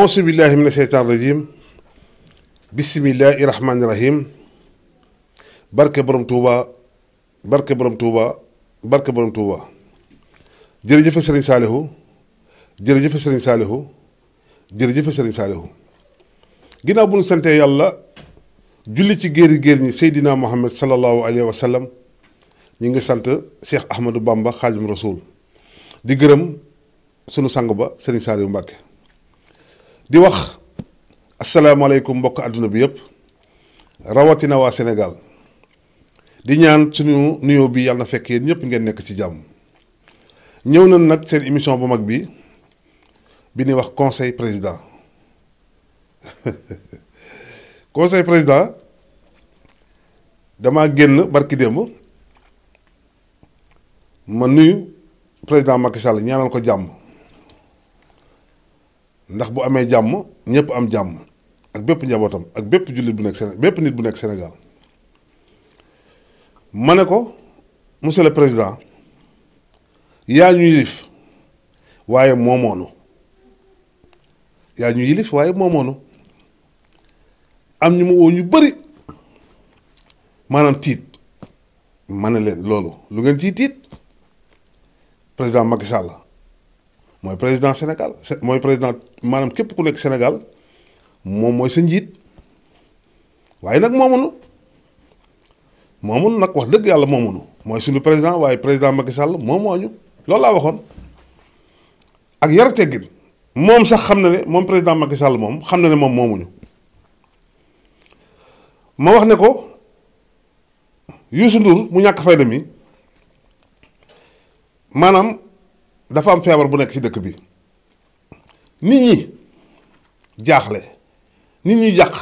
auzu billahi mina seytaan rajim bisimillahi rahmaani rahim barke borom Touba barke borom Touba barke borom Touba jërëjëfe sëriñ Saalihu jërëjëfe sëriñ Saalihu jërëjëfe sëriñ Saalihu ginnaaw bu ñu santee yàlla julli ci géeri géer ñi Seydina Muhammad sallallahu alayhi wa sallam ñi ngi sant Cheikh Ahmadou Bamba Xaadim Rasul di gërëm sunu sang ba sëriñ Saalihu Mbàkke di wax asalaamaaleykum mbokk aduna bi yépp rawatina waa Sénégal di ñaan suñu nuyoo bi yàlla na fekk yéen ñëpp ngeen nekk ci jàmm ñëw nañ nag seen émission bu mag bi bi ni wax conseil président conseil président dama génn barki démb ma nuyu président Macky Sall ñaanal ko jàmm ndax bu amee jàmm ñëpp am jàmm ak bépp njabootam ak bépp jullit bu nekk Séné nit bu nekk Sénégal ma ne ko monsieur le président yaa ñu yilif waaye moomoonu yaa ñu yilif waaye moomoonu am ñu ma woo ñu bëri maanaam tiit ma ne leen loolu lu ngeen ciy tiit président Macky Sall mooy président Sénégal mooy président maanaam képp ku nekk Sénégal moom mooy sa njiit waaye nag moomunu moomunu nag wax dëgg yàlla moomunu mooy suñu président waaye président Macky Sall moom moo ñu loolu laa waxoon ak yar teggin moom sax xam na ne moom président Macky Sall moom xam na ne moom moomuñu ma wax ne ko Youssou Ndour mu ñàkk fayda mi maanaam dafa am feebar bu nekk ci dëkk bi nit ñi jaaxle nit ñi jàq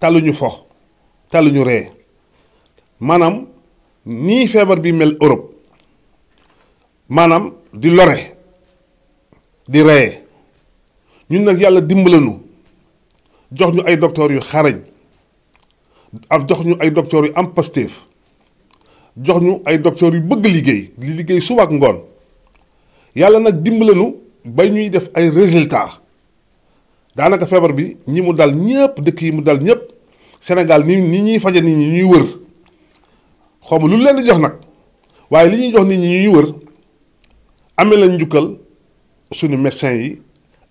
taluñu fox taluñu ree maanaam nii feebar bi mel Europe maanaam di lore di reye ñun nag yàlla dimbalanu jox ñu ay docteurs yu xarañ am jox ñu ay docteurs yu am Pastef jox ñu ay docteurs yu bëgg liggéey li liggéey suba ak ngoon yàlla nag dimbalanu ba ñuy def ay résultats daanaka feebar bi ñi mu dal ñëpp dëkk yi mu dal ñëpp Sénégal ni ni ñuy faje nit ñi ñuy wër xaw ma lu leen di jox nag waaye li ñuy jox nit ñi ñuy wër amee lañ njukkal suñu médecin yi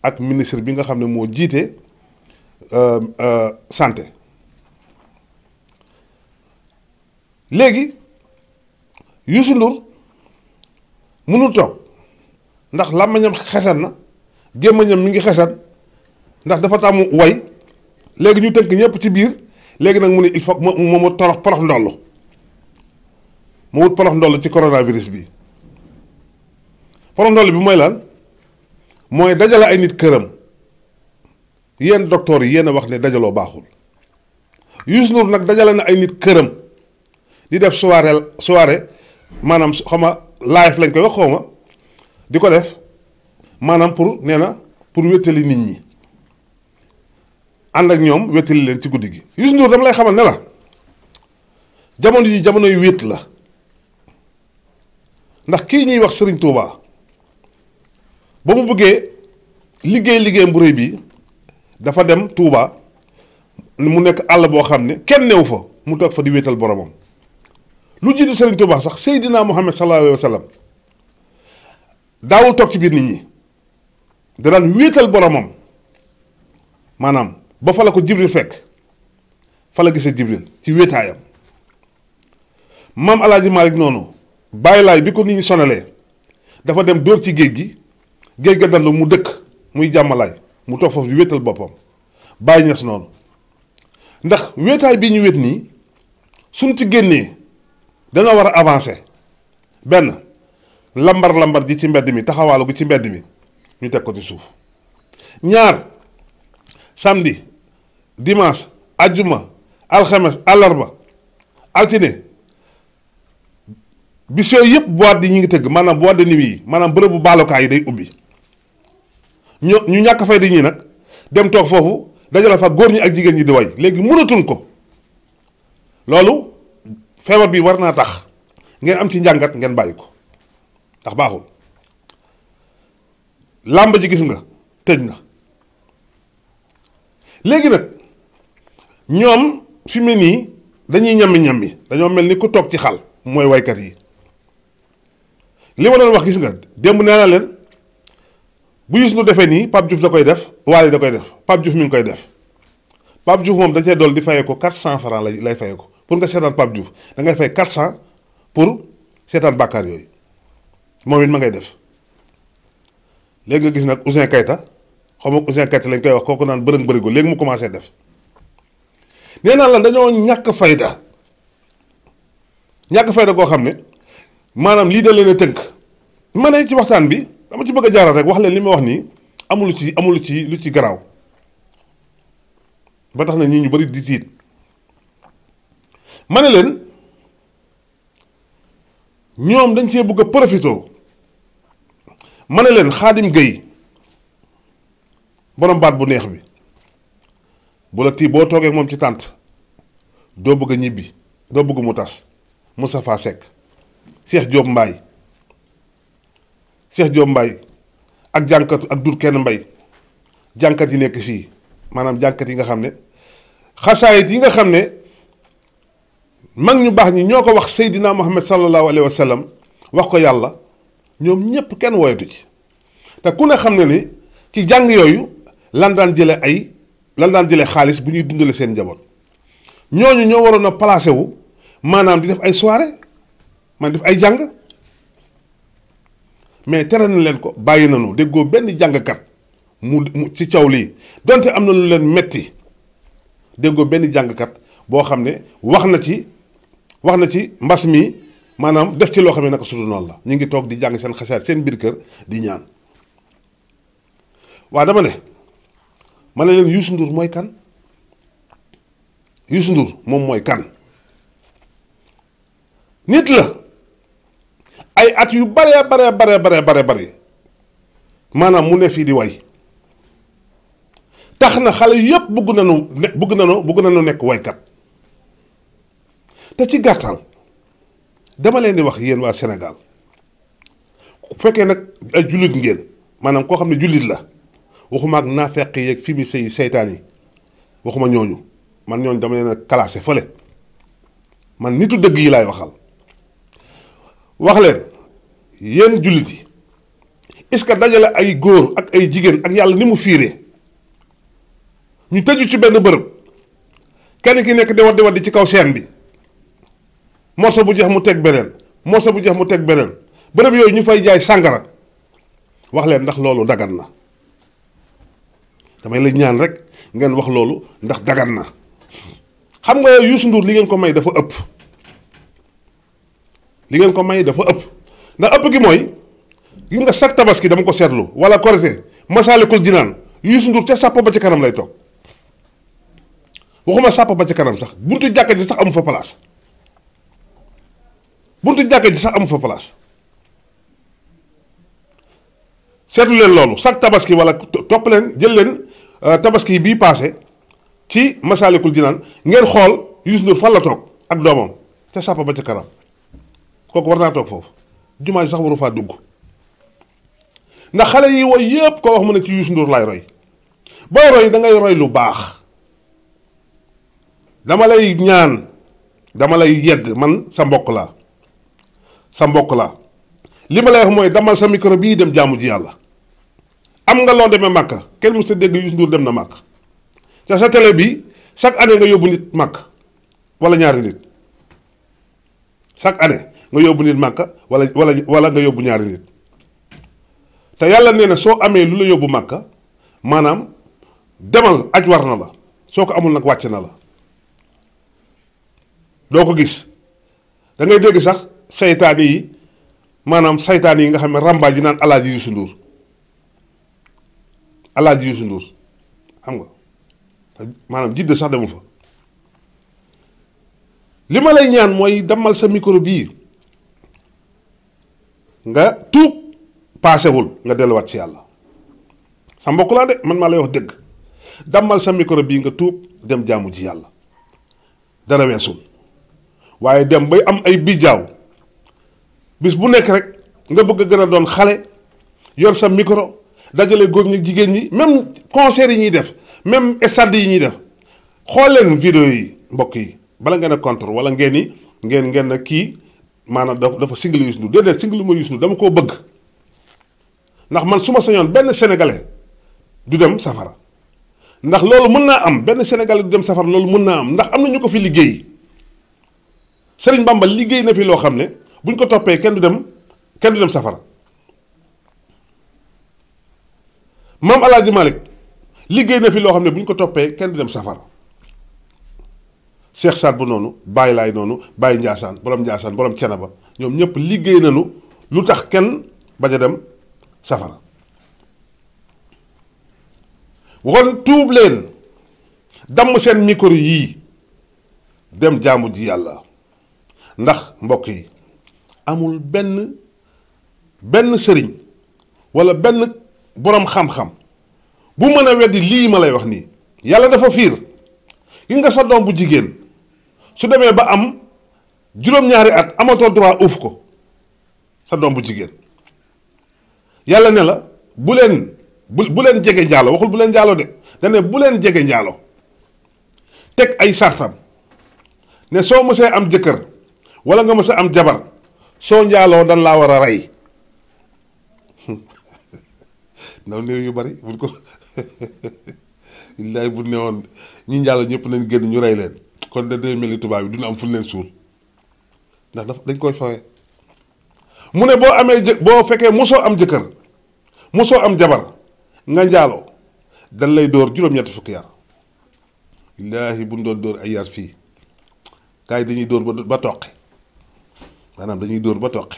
ak ministre bi nga xam ne moo jiite euh, euh, santé léegi Youssou Ndour mënul toog ndax lamagnam xessal na gemagnam mi ngi xessal ndax dafa tamu way légui ñu teunk ñepp ci biir légui nak mu ne il faut mo mo torox porox ndollo mo wut porox ndollo ci coronavirus bi porox ndollo bi moy lan moy dajala ay nit kërëm yeen docteur yeen wax ne dajalo baxul yusnur nak dajala na ay nit kërëm di def soirée soirée manam xoma live lañ koy wax xoma di ko def maanaam pour nee na pour wéttali nit ñi ànd ak ñoom wéttali leen ci guddi gi Youssou Ndour dama lay xamal ne la jamono yi jamono yu wéet la ndax kii ñuy wax sëriñ Touba ba mu bëggee liggéey liggéey bu rëy bi dafa dem Touba mu nekk àll boo xam ne kenn newu fa mu toog fa di wéetal boromam lu jiitu Serigne Touba sax Seydina Muhammad sallallahu alayhi wa sallam daawul toog ci biir nit ñi da daan wéetal boromam maanaam ba fa la ko jibril fekk fa la gisee jibril ci wéetaayam maam alaaji Malick noonu bàyyi laay bi ko nit ñi sonalee dafa dem dóor ci géej gi géej ga dandu mu dëkk muy jàmmalaay mu toog foofu di wéetal boppam bàyyi ñes noonu ndax wéetaay bi ñu wéet nii suñ ci génnee dana war a avancé benn lambar lambar di ci mbedd mi taxawalu gu ci mbedd mi ñu tek ko ci suuf ñaar samedi dimanche ajjuma alxames alarba altine bis yooyu yëpp boîte di ñi ngi tëgg maanaam boîte de nuit yi maanaam bërëbu baalukaay yi day ubbi ñu ñu ñàkk fay di ñi nag dem toog foofu dajala fa góor ñi ak jigéen ñi di way léegi mënatuñ ko loolu feebar bi war naa tax ngeen am ci njàngat ngeen bàyyi ko ndax baaxul làmb ji gis nga tëj na léegi nag ñoom fi mu nii dañuy ñammi ñammi dañoo mel ni ku toog ci xal mooy waykat yi li ma doon wax gis nga démb nee na leen bu gis nu defee nii Pape Diouf da koy def Waly da koy def Pape Diouf mi ngi koy def Pape Diouf moom da cee dool di fayee ko 400 francs lay lay fayee ko pour nga seetaan Pape Diouf da ngay fay 400 pour seetaan bàkkaar yooyu. moom it ma ngay def léegi nga gis nag Ouzin Keita xaw ma Ouzin Keita lañ koy wax kooku naan bërëng bërigo léegi mu commencé def nee naa la dañoo ñàkk fayda ñàkk fayda koo xam ne maanaam lii da leen a tënk ma ci waxtaan bi dama ci bëgg a jaaral rek wax leen li ma wax nii amul ci amul ci lu ci garaaw ba tax na ñi ñu bari di tiit ma ne leen ñoom dañ cee bëgg a profitoo ma ne leen Xaadim Gueye borom baat bu neex bi bu la tii boo toogee moom ci tànt doo bëgg a ñibbi doo bëgg mu tas Moustapha Seck Cheikh Diop Mbaye Cheikh Diop Mbaye ak jànkat ak dur kenn mbay jànkat yi nekk fii maanaam jànkat yi nga xam ne xasaayit yi nga xam ne mag ñu baax ñi ñoo ko wax Seydina Muhammad sallallahu alayhi wa sallam wax ko yàlla ñoom ñëpp kenn woyatu ci te ku ne xam ne ni ci jàng yooyu lan daan jële ay lan daan jële xaalis bu ñuy dundale seen njaboot ñooñu ñoo waroon a placé wu maanaam di def ay soirée man def ay jàng mais tere na leen ko bàyyi nañu déggoo benn jàngkat mu ci caw lii donte am na lu leen metti déggoo benn jàngkat boo xam ne wax na ci wax na ci mbas mi manam def ci lo xamé nak sudu non la ñi ngi tok di jang sen xassat sen bir kër di ñaan wa dama ne ma ne leen Youssou Ndour mooy kan Youssou ndur mom moy kan nit la ay at yu bare bare bare bare bare bare manam mu ne fi di way taxna xalé yépp bëgg nanu bëgg nañu bëgg te ci gattal dama leen di wax yéen waa Sénégal bu fekkee nag ay jullit ngeen maanaam koo xam ne jullit la waxuma ak naa naafeq yeeg fi mu say seytaan yi waxuma ñooñu man ñooñu dama leen a classé fële man nitu dëgg yi lay waxal wax leen yéen jullit yi est-ce que dajale ay góor ak ay jigéen ak yàlla ni mu fiiree ñu tëju ci benn bërëb kenn ki nekk di war ci kaw seen bi. morso bu jeex mu teg beneen morso bu jeex mu teg beneen bërëb yooyu ñu fay jaay sàngara wax leen ndax loolu dagan na damay lañ ñaan rek ngeen wax loolu ndax dagan na xam nga Youssou Ndour li ngeen ko may dafa ëpp li ngeen ko may dafa ëpp ndax ëpp gi mooy gis nga sag tabaski dama ko seetlu wala korité masaalikul jinaan Youssou Ndour ca sàpp ba ci kanam lay toog waxuma sàpp ba ci kanam sax buntu jàkka ji sax amu fa place buntu jakké ji sax amu fa place sak len lolu sax tabaski wala toplen len jël len euh, tabaski bi passé ci masalikul jinan ngeen xol Youssou nur fan la tok ak doomam ca sàppa ba ci karam koku war naa toog foofu jumaa ji sax waru fa dugg ndax xalé yi woy yépp ko wax mu ci nur lay roy roy da ngay roy lu bax dama lay ñaan dama lay yegg man sa mbokk la sa mbokk la li ma lay wax mooy damal sa micro bi dem jaamu ji yàlla am nga loo demee màkk kenn musta dégg yu Ndour dem na màkk te sa télé bi chaque année nga yóbbu nit màkk wala ñaari nit chaque année nga yóbbu nit màkk wala wala wala nga yóbbu ñaari nit te yàlla nee na soo amee lu la yóbbu màkk maanaam demal aj war la soo amul nag wàcc na la doo gis da ngay dégg sax seytaane yi maanaam seytaane yi nga xam ne ji yi naan alaaji Yuusu Nduur alaaji Yuusu desa xam nga maanaam jidde sax demul fa li ma lay ñaan mooy damal sa micro bii nga tuub wul nga delluwaat si yàlla sa mbokk laa de man maa lay wax dëgg damal sa micro bii nga tuub dem jaamu ji yàlla dara weesul waaye dem bay am ay bijaaw bis bu nek rek nga bëgg gëna doon xalé yor sa micro dajalé goor ñi jigéen ñi même concert yi ñi def même stade yi ñi def xool leen vidéo yi mbokk yi bala nga na contre wala ngeen ni ngeen ngeen a ki manam dafa single Youssou Ndour single mo Youssou Ndour dama ko bëgg ndax man suma sañon ben sénégalais du dem safara ndax loolu mën naa am ben sénégalais du dem safara loolu mën naa am ndax am na ñu ko fi liggéey Serigne Bamba liggéey na fi loo xam buñ ko toppee kenn du dem kenn du dem safara maam El Hadj liggéey na fi loo xam ne buñ ko toppee kenn du dem safara Cheikh Saad bu noonu bàyyi Laay noonu Baye Ndiassane borom Ndiassane borom ba ñoom ñëpp liggéey nañu lu tax kenn bañ dem safara won tuub leen damm seen micro yii dem jaamu ji yàlla ndax mbokk yi. amul benn benn sëriñ wala benn borom xam-xam bu mën a weddi lii ma lay wax nii yàlla dafa fiir gi nga sa doom bu jigéen su demee ba am juróom-ñaari at amatoo droit uuf ko sa doom bu jigéen yàlla ne la bu leen bu bu leen jege njaalo waxul bu leen njaalo de bu leen jege njaalo teg ay sartam ne soo mësee am jëkkër wala nga am jabar soo njaaloo dan laa war a rey ndaw néew yu bari buñ ko illaay bu ne ñi njaaloo ñëpp nañ génn ñu rey leen kon da day mel ni tubaab yi duñu am fuñ leen suul ndax daf dañ koy fawee mu ne boo amee jë boo fekkee mosoo am jëkkër mosoo am jabar nga njaaloo dan lay dóor juróom-ñetti fukki yar illaahi buñ doo dóor ay yar fii gars dañuy dóor ba ba toqi maanaam dañuy dóor ba toqi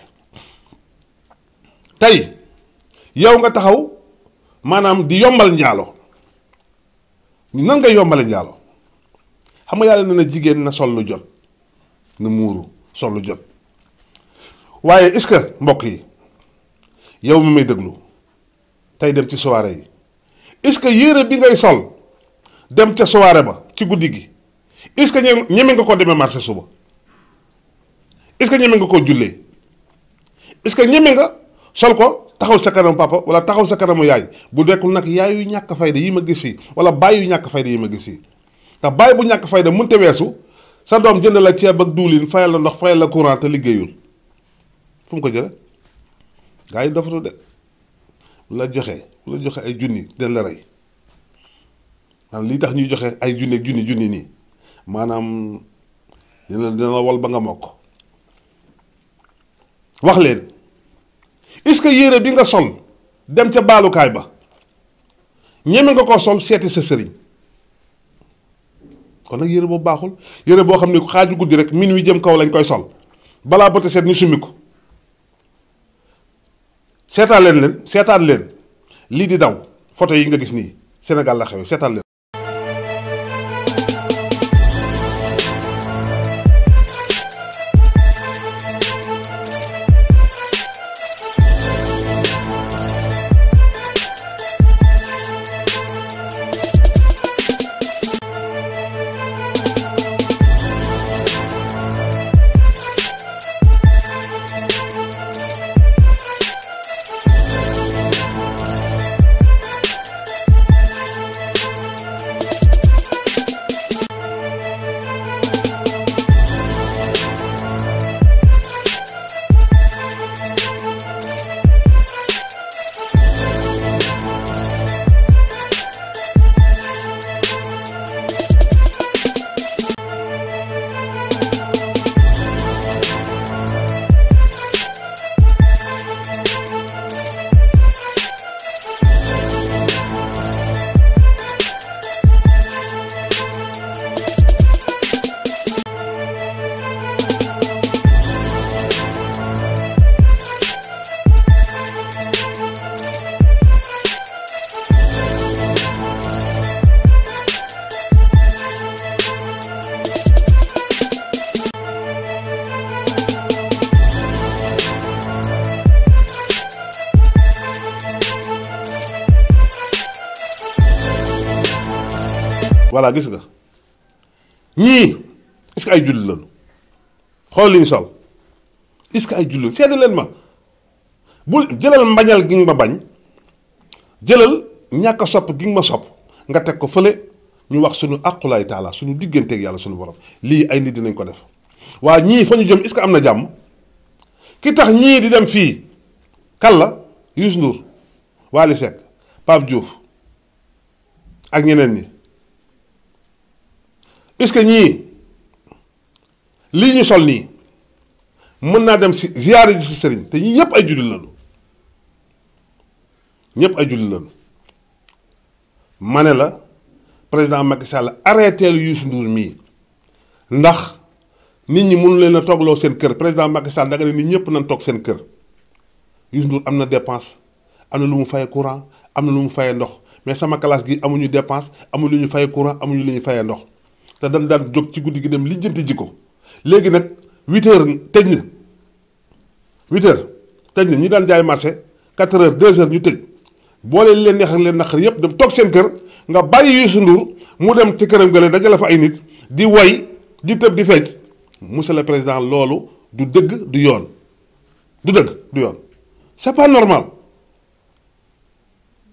tey yow nga taxaw maanaam di yombal njaalo nan nga yombale njaalo xam nga yàlla ne na jigéen na sol lu jot na muuru sol lu jot waaye est-ce que mbokk yi yow mi may déglu tey dem ci soirée yi est-ce que yére bi ngay sol dem ca soirée ba ci guddi gi est-ce que ñeme nga ko demee marché suba est-ce que ñeme nga koo jullee est-ce que ñeme nga sol ko taxaw sa kanamu papa wala taxaw sa kanamu yaay bu nekkul nag yaay yu ñàkk fayda yi ma gis fii wala bàyyi yu ñàkk fayda yi ma gis fii te baay bu ñàkk fayda mënut a weesu sa doom jënd la ceeb ak diwlin fayal la ndox fayal la courant te liggéeyul fu mu ko jële gaa yi dofatu de bu la joxee la joxe ay junni den la rey maanaam lii tax ñuy joxe ay junni junni junni nii maanaam dina dina la wol ba nga mokk. wax leen est-ce que yére bi nga sol dem ca baalukaay ba ñeme nga ko sol seeti sa sëriñ kon nag yére boobu baaxul yére boo xam ne xaaju guddi rek min wi jëm kaw lañ koy sol balaa bëtt seet ñu summi ko seetaan leen leen lii di daw photo yi nga gis nii Sénégal la xew seetaan voilà gis nga ñii est-ce que ay jullit lañu xool li sol est-ce que ay jullit seede leen ma bul jëlal mbañal gi ma bañ jëlal ñàkk sopp gi ma sopp nga teg ko fële ñu wax sunu aqulaay taala suñu digganteeg yàlla suñu borom lii ay nit dinañ ko def waa ñii fa ñu jëm est am na jàmm ki tax ñii di dem fii kan la Youssou Ndour Wally Seck Pape Diouf ak ñeneen yi puisque ñii lii ñu sol nii mën naa dem si ziyaare ji si sëriñ te ñii ñëpp ay jullit lu ñëpp ay jullit lañu ma ne la président Macky Sall arrêté lu Youssou Ndour mii ndax nit ñi mënu leen a toogloo seen kër président Macky Sall da ne nit ñëpp nan toog seen kër Youssou Ndour am na dépense am na lu mu fay courant am na lu mu fay ndox mais sama classe gi amuñu dépense amuñu lu ñu faye courant amuñu lu ñu faye ndox. te dañ daan jóg ci guddi gi dem li lijjanti ji ko léegi nag huit heures tëj na huit tëj na ñi daan jaay marché quatre heures deux heures ñu tëj boole leen neex ak leen naqar yëpp dem toog seen kër nga bàyyi Youssou Ndour mu dem ci këram gële dajale fa ay nit di way di tëb di fecc monsieur le président loolu du dëgg du yoon du dëgg du yoon c'est pas normal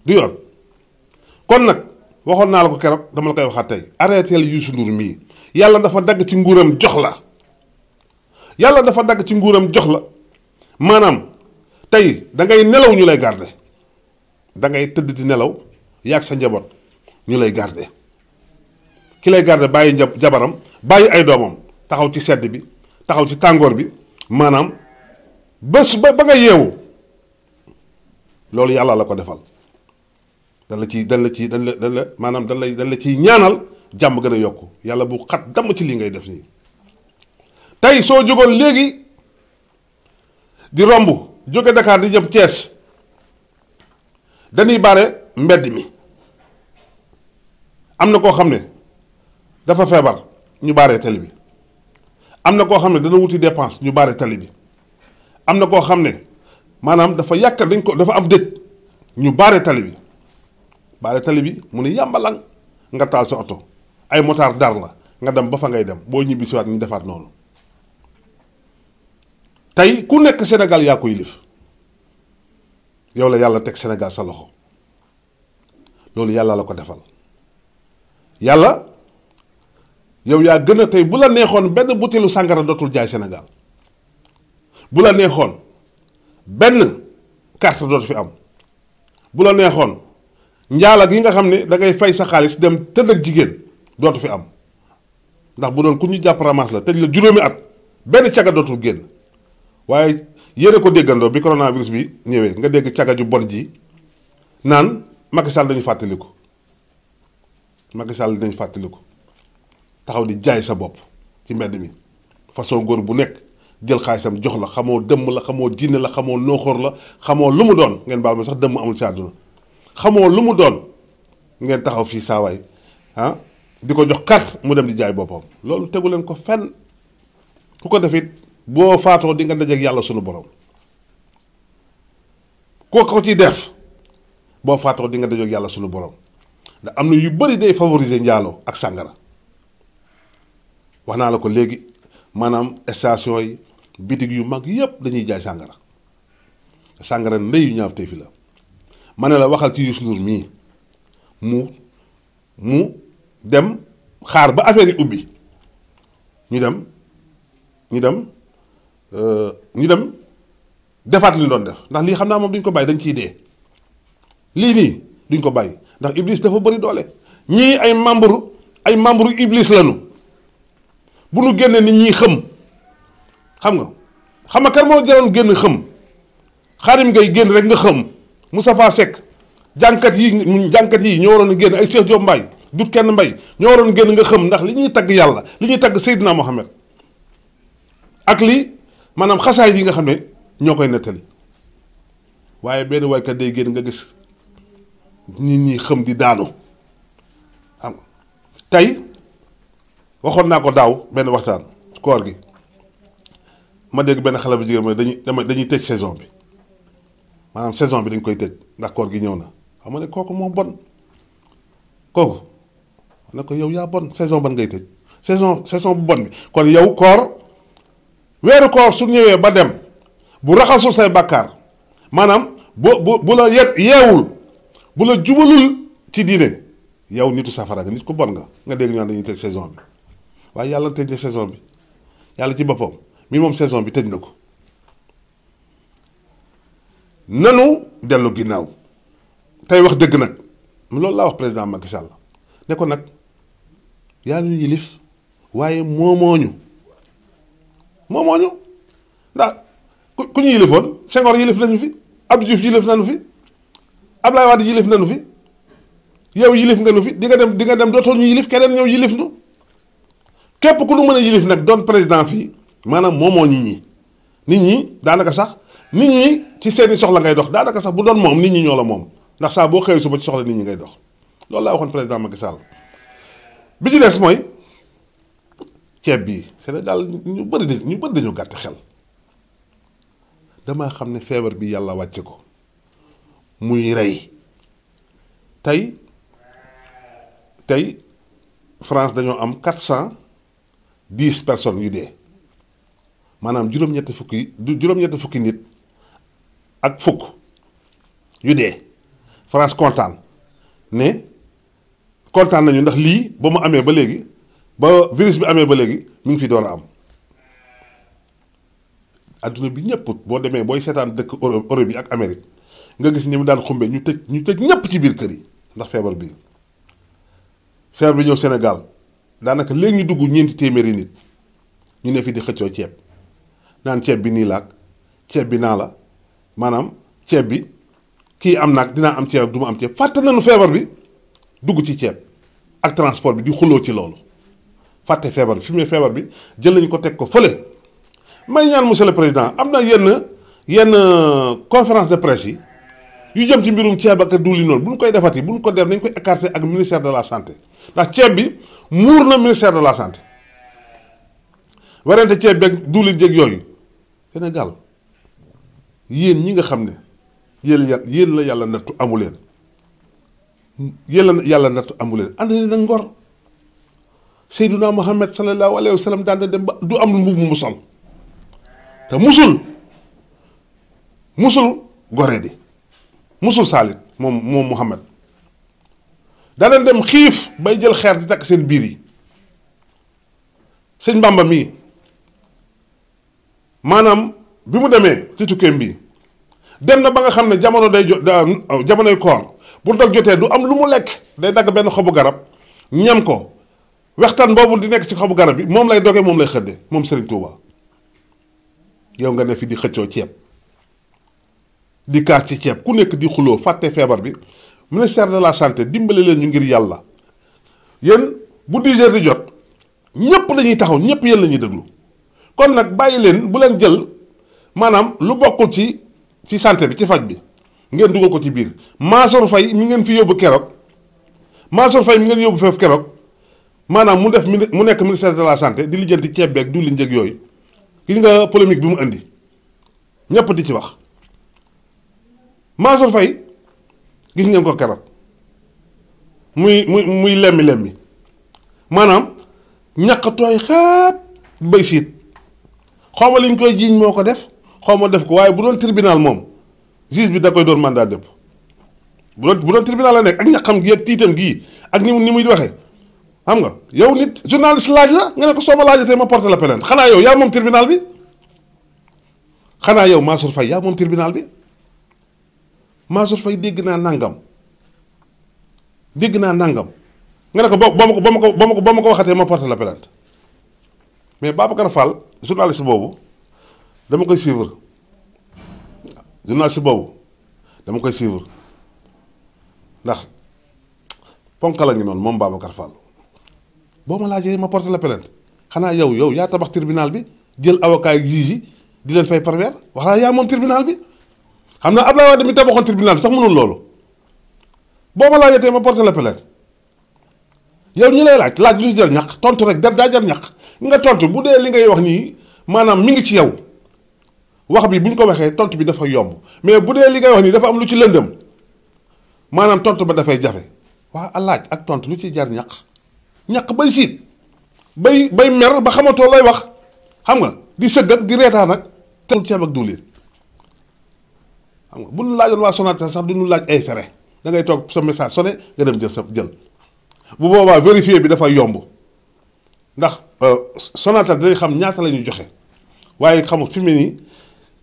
du yoon kon nag. waxoon naa la ko keroog dama la koy waxaat tey arrêtel Youssou Ndour mii yàlla dafa dagg ci nguuram jox la yàlla dafa dagg ci nguuram jox la maanaam tey dangay nelaw ñu lay garde da ngay tëdd di nelaw yàgg sa njaboot ñu lay garde ki lay garde bàyyi jabaram bàyyi ay doomam taxaw ci sedd bi taxaw ci tàngoor bi maanaam bés ba ba nga yeewu loolu yàlla la ko defal dan la ciy dan la ciy dan maanaam dan lay dan la ciy ñaanal jàmm gën a yokku yàlla bu xat damm ci lii ngay def nii tey soo jógoon léegi di romb jóge Dakar di jëm Thiès dañuy bare mbedd mi am na koo xam ne dafa feebar ñu baaree tali bi am na koo xam ne dana wuti dépense ñu baaree tali bi am na koo xam ne maanaam dafa yàkk dañ ko dafa am dëj ñu baaree tali bi baale tali bi mu ne yàmbalang nga taal sa oto ay motaar dar la nga dem ba fa ngay dem boo ñibbi siwaat ñu defaat noonu tey ku nekk Sénégal yaa ko yilif yow la yàlla teg Sénégal sa loxo loolu yàlla la ko defal yàlla yow yaa gën a tey bu la neexoon benn butéelu sàngara dootul jaay Sénégal bu la neexoon benn carte dootu fi am bu la neexoon njaala yi nga xam ne dangay ngay fay sa xaalis dem tëdd ak jigéen dootu fi am ndax bu doon ku ñu jàpp ramas la tëj la juróomi at benn caga dootul génn waaye yére ko déggandoo bi coronavirus bi ñëwee nga dégg cagga ju bon ji naan Macky Sall dañu fàttali ko Sall dañu fàttaliku taxaw di jaay sa bopp ci mbedd mi façon góor bu nekk jël xaalisam jox la xamoo dëmm la xamoo diine la xamoo nooxoor la xamoo lu mu doon ngeen baal ma sax dëmm amul ci àdduna xamoo lu mu doon ngeen taxaw fii saawaay ah di ko jox carte mu dem di jaay boppam loolu tegu leen ko fenn ku ko defit boo faatoo di nga dajeeg yàlla sunu borom koo ko ci def boo faatoo di nga dajeeg yàlla sunu borom da am na yu bëri day favoriser njaaloo ak sàngara wax naa la ko léegi maanaam station yi bitig yu mag yëpp dañuy jaay sàngara sàngara yu ñaaw tey fi la. ma ne la waxal ci Youssou Ndour mii mu mu dem xaar ba affaire yi ubbi ñu dem ñu dem euh, ñu dem defaat li doon def ndax lii xam naa moom duñ ko bàyyi dañ ciy dee lii nii duñ ko bàyyi ndax Iblis dafa bari doole ñii ay membre ay membre Iblis lañu bu nu génnee nit ñi xëm xam nga xam nga kan moo jaroon génn xëm xaarim ngay génn rek nga xëm. Moustapha Seck jànkat yi jànkat yi ñoo waroon génn ay Cheikh Diop Mbaye dut kenn mbay ñoo waroon génn nga xam ndax li ñuy tagg yàlla li ñuy tagg Seydina Mohamed ak li manam xasaay yi nga xam ne ñoo koy nettali waaye benn waykat day génn nga gis nit ñi xam di daanu xam nga tey waxoon naa ko daaw benn waxtaan koor gi ma dégg benn xale bu jigéen ma dañuy dañuy tëj saison bi maanaam saison bi dañ koy tëj ndax koor gi ñëw na xam ne kooku moo bon kooku ne ko yow yaa bon saison ban ngay tëj saison saison bu bon bi kon yow koor weeru koor su ñëwee ba dem bu raxasul say bàkkaar maanaam bu bu bu la yet yeewul bu la jubalul ci diine yow nitu safara nga nit ku bon nga nga dégg ñu naan dañuy tëj saison bi waaye yàlla tëj na saison bi yàlla ci boppam mi moom saison bi tëj na ko. nanu dellu ginnaaw tey wax dëgg nag loolu laa wax président Macky Sall ne ko nag yaa ñu yilif waaye moomooñu moomooñu ndax ku ñu yilifoon Senghor yilif nañu fi Abdou Diouf yilif nañu fi Abdoulaye Wade yilif nañu fi yow yilif nga nu fi di nga dem di nga dem dootoo ñu yilif keneen ñëw yilif nu képp ku nu mën a yilif nag doon président fii maanaam moomoo nit ñi nit ñi daanaka sax nit ñi ci seeni soxla ngay dox daanaka sax bu doon moom nit ñi ñoo la moom ndax saa boo xëyee suba ci soxla nit ñi ngay dox loolu laa waxoon président Macky Sall bi ci des mooy ceeb bi Sénégal ñu bëri dañ ñu bëri dañu gàtt xel dama xam ne feebar bi yàlla wàcce ko muy rey tey tey France dañoo am 410 personnes yu dee maanaam juróom ñett fukki juróom ñett fukki nit ak fuk yu dee France kontaan ne kontaan nañu ndax lii ba mu amee ba léegi ba virus bi amee ba léegi mi ngi fi doon am aduna bi ñëpp boo demee booy seetaan dëkk Europe Europe yi ak Amérique nga gis ni mu daan xumbe ñu tëj ñu tëj ñëpp ci biir kër yi ndax feebar bi feebar bi ñëw Sénégal daanaka léegi ñu dugg ñeenti téeméeri nit ñu ne fi di xëccoo ceeb naan ceeb bi nii laag ceeb bi naa la maanaam ceeb bi kii am naag dinaa am ceeb du mu am ceeb fàtte nañu feebar bi dugg ci ceeb ak transport bi di xuloo ci loolu fàtte feebar bi fi mu feebar bi jël nañu ko teg ko fële may ñaan monsieur le président am na yenn yenn conférence de presse yi yu jëm ci mbirum ceeb ak diwlin noonu bu mu koy defati bu mu ko def nañ koy écarter ak ministère de la santé ndax ceeb bi muur na ministère de la santé werante ceeb beeg diwlin jéeg yooyu Sénégal yéen ñi nga xam ne yéen la yéen la yàlla nattu amu leen yéen la yàlla nattu amu leen ànd leen ak ngor Seydina Muhammad sallallahu alayhi wa sallam daan na dem ba du am mbubb mu sol te musul musul gore di musul saalit moom moom Muhammad daan na dem xiif bay jël xeer di takk seen biir yi sëñ Bàmba mii maanaam. bi mu demee ci tukkeem bi dem na ba nga xam ne jamono day jot euh, jamonoy koor bu dog jotee du am lu mu lekk day dagg benn xobu garab ñam ko wextaan boobu di nekk ci xobu garab bi moom lay doge moom lay xëdde moom Serigne Touba yow nga ne fi di xëccoo ceeb di kaas ci ceeb ku nekk di xuloo fàtte feebar bi ministère de la santé dimbali leen ñu ngir yàlla yéen bu 10 di jot ñëpp dañuy taxaw ñëpp yéen la ñuy déglu kon nag bàyyi leen bu leen jël. manam lu bokku ci ci santé bi ci faj bi ngeen duggal ko ci biir masor fay mi ngeen fi yobbu kérok masor fay mi ngeen yobbu fef kérok manam mu def mu nek ministère de la santé di lijjanti ciébek du diwlin njëg yoy gis nga polémique bi mu andi ñepp di ci wax masor fay gis ngeen ko kérok muy muy muy lemmi lemmi manam ñak toy xepp bay sit xawma liñ koy jiñ moko def xaw ma def ko waaye bu doon tribunal moom juge bi da koy doon mandat dëpp bu doon bu doon tribunal la nekk ak ñaqam gi ak tiitam gii ak ni mu ni muy waxee xam nga yow nit journaliste laaj la nga ne ko soo ma laajatee ma porté la plainte xanaa yow yaa moom tribunal bi xanaa yow Mansour Faye yaa moom tribunal bi Mansour fay dégg naa nangam dégg naa nangam nga ne ko boo boo ma ko boo ma ko boo ma ko waxatee ma porté la plainte mais Babacar Fall journaliste boobu. dama koy suivre journal si boobu dama koy suivre ndax ponk lañu ngi noonu moom Babacar Fall boo ma laajee ma porté la plainte xanaa yow yow yaa tabax tribunal bi jël awokaay yi juge yi di leen fay par weer wax naa yaa moom tribunal bi xam naa Abdoulaye Wade mi tabaxoon tribunal bi sax mënul loolu boo ma laajee tey ma porté la plainte yow ñu lay laaj laaj lu jar ñax tontu rek da daa jar ñax nga tontu bu dee li ngay wax nii maanaam mi ngi ci yow. wax bi bu ñu ko waxee tontu bi dafa yomb mais bu dee li ngay wax nii dafa am lu ci lëndëm maanaam tontu ba dafay jafe waa laaj ak tontu lu ci jar ñaq ñaq bay siit bay bay mer ba xamatoo lay wax xam nga di sëgg ak di reetaan nag teewul ceeb ak diwlin xam nga bu ñu laajoon waa Sonatel sax du ñu laaj ay fere da ngay toog sa message sonné nga dem jël sa jël bu boobaa vérifier bi dafa yomb ndax Sonatel day xam ñaata la ñu joxe waaye xamul fi mu nii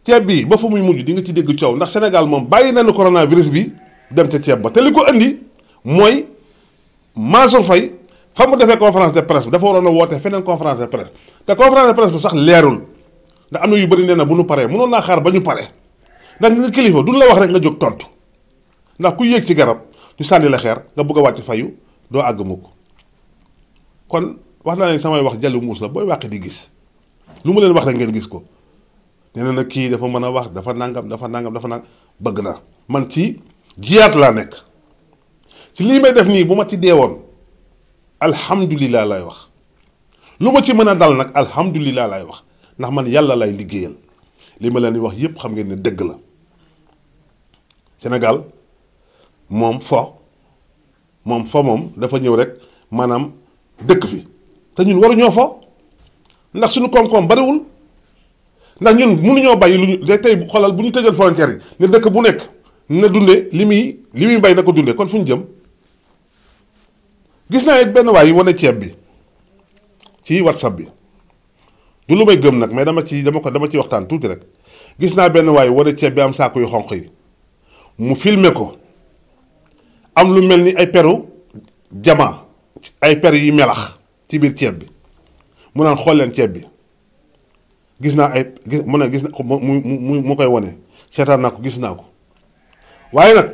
ceeb bi ba fu muy mujj di nga ci dégg coow ndax Sénégal moom bàyyi na lu coronavirus bi dem ca ceeb ba te li ko andi mooy Mansour Faye fa mu defee conférence de presse bi dafa waroon a woote feneen conférence de presse te conférence de presse bi sax leerul ndax am na yu bëri nee na bu ñu paree mënoon naa xaar ba ñu pare ndax nga kilifa duñ la wax rek nga jóg tontu ndax ku yéeg ci garab ñu sànni la xeer nga a wàcc fayu doo àgg mukk kon wax naa leen samay wax jallu muus la booy wàq di gis lu mu leen wax rek ngeen gis ko nee na kii dafa mën a wax dafa nangam dafa nangam dafa nang bëgg na man ci jiyaat laa nekk ci lii may def nii bu ma ci deewoon alhamdulilah lay wax lu ma ci mën a dal nag alhamdulilah lay wax ndax man yàlla lay liggéeyal li ma leen di wax yépp xam ngeen ne dëgg la Sénégal moom fo moom fo moom dafa ñëw rek maanaam dëkk fi te ñun waruñoo fo ndax suñu koom-koom bariwul ndax ñun mënuñoo bàyyi lu ñu de tey xoolal bu ñu tëjal frontière yi ne dëkk bu nekk na dunde li muy li muy bay na ko dunde kon fu ñu jëm gis naa it benn waay yi wane ceeb bi ci whatsapp bi du lu may gëm nag mais dama ci dama ko dama ci waxtaan tuuti rek gis naa benn waay wane ceeb bi am saako yu xonq yi mu filmé ko am lu mel ni ay peru jama ay per yi melax ci biir ceeb bi mu naan xool leen ceeb bi gis naa ay gis mu ne gis na mu mu mu koy wane seetaan naa ko gis naa ko waaye nag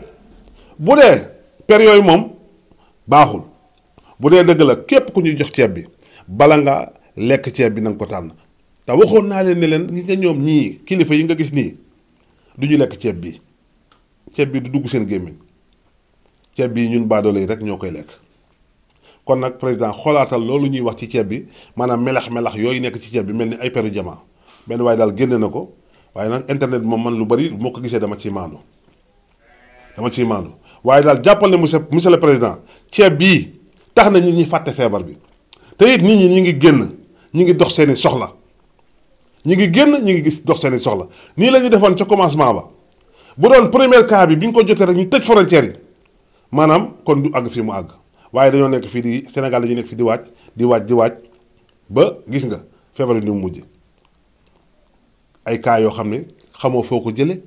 bu dee per yooyu moom baaxul bu dee dëgg la képp ku ñuy jox ceeb bi bala nga lekk ceeb bi na nga ko tànn te waxoon naa leen ni leen ñi nga ñoom ñii kilifa yi nga gis nii du ñu lekk ceeb bi ceeb bi du dugg seen gémmiñ ceeb bi ñun baadoole yi rek ñoo koy lekk kon nag président xoolaatal loolu ñuy wax ci ceeb bi maanaam melax melax yooyu nekk ci ceeb bi mel ni ay peru jamaa ben way dal genné nako waye nak internet mom man lu bari moko gisé dama ci mandu dama ci mandu waye dal jappal né monsieur monsieur le président ci bi tax na nit ñi faté feebar bi te nit ñi ñi ngi genn ñi ngi dox seeni soxla ñi ngi genn ñi ngi gis dox seeni soxla ni lañu ñu ci commencement ba bu doon premier cas bi bi ñu ko jotté rek ñu tëj frontière yi maanaam kon du ag fi mu ag waye dañu nek fi di Sénégal dañu nek fi di wacc di wacc di wacc ba gis nga feebar ni mu mujj ay cas yoo xam ne xamoo foo ko jële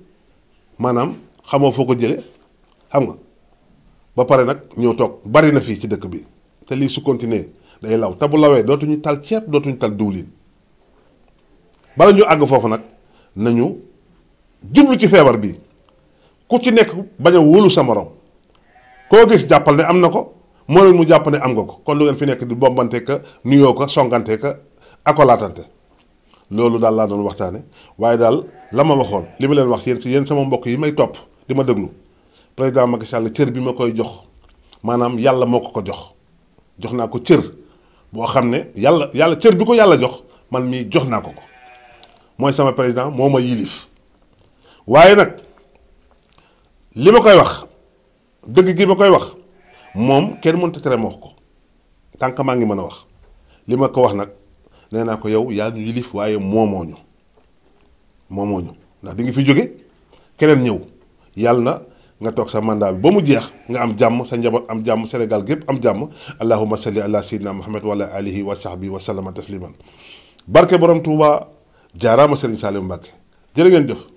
maanaam xamoo foo ko jële xam nga ba pare nag ñëw toog bari na fii ci dëkk bi te lii su continuer day law te bu lawee dootuñu tal ceeb dootuñu tal diwlin bala ñu àgg foofu nag nañu jublu ci feebar bi ku ci nekk bañ a wóolu sa morom koo gis jàppal ne am na ko moo leen mu jàpp ne am nga ko kon lu ngeen fi nekk di bombante ka nuyoo ko songante ka akolaatante loolu daal laa doon waxtaane waaye daal la ma waxoon li ma leen wax yéen si yéen sama mbokk yi may topp di ma déglu président Macky Sall bi ma koy jox maanaam yàlla moo ko ko jox jox naa ko cër boo xam ne yàlla yàlla cër bi ko yàlla jox man mii jox naa ko ko mooy sama président moo ma yilif waaye nag li ma koy wax dëgg gi ma koy wax moom kenn mënut a tere ma wax ko tant maa ngi mën a wax li ma ko wax nag. nee naa ko yow yaa ñu yilif waaye moomoo ñu moomoo ñu ndax di nga fi jóge keneen ñëw yàlla na nga toog sa mandat bi ba mu jeex nga am jàmm sa njaboot am jàmm Sénégal gépp am jàmm allahuma salli ala sayyidina muhammad wa ala alihi wa sahbi wa sallama tasliman barke borom Touba jaaraama Serigne Saliou Mbacke jërë ngeen jëf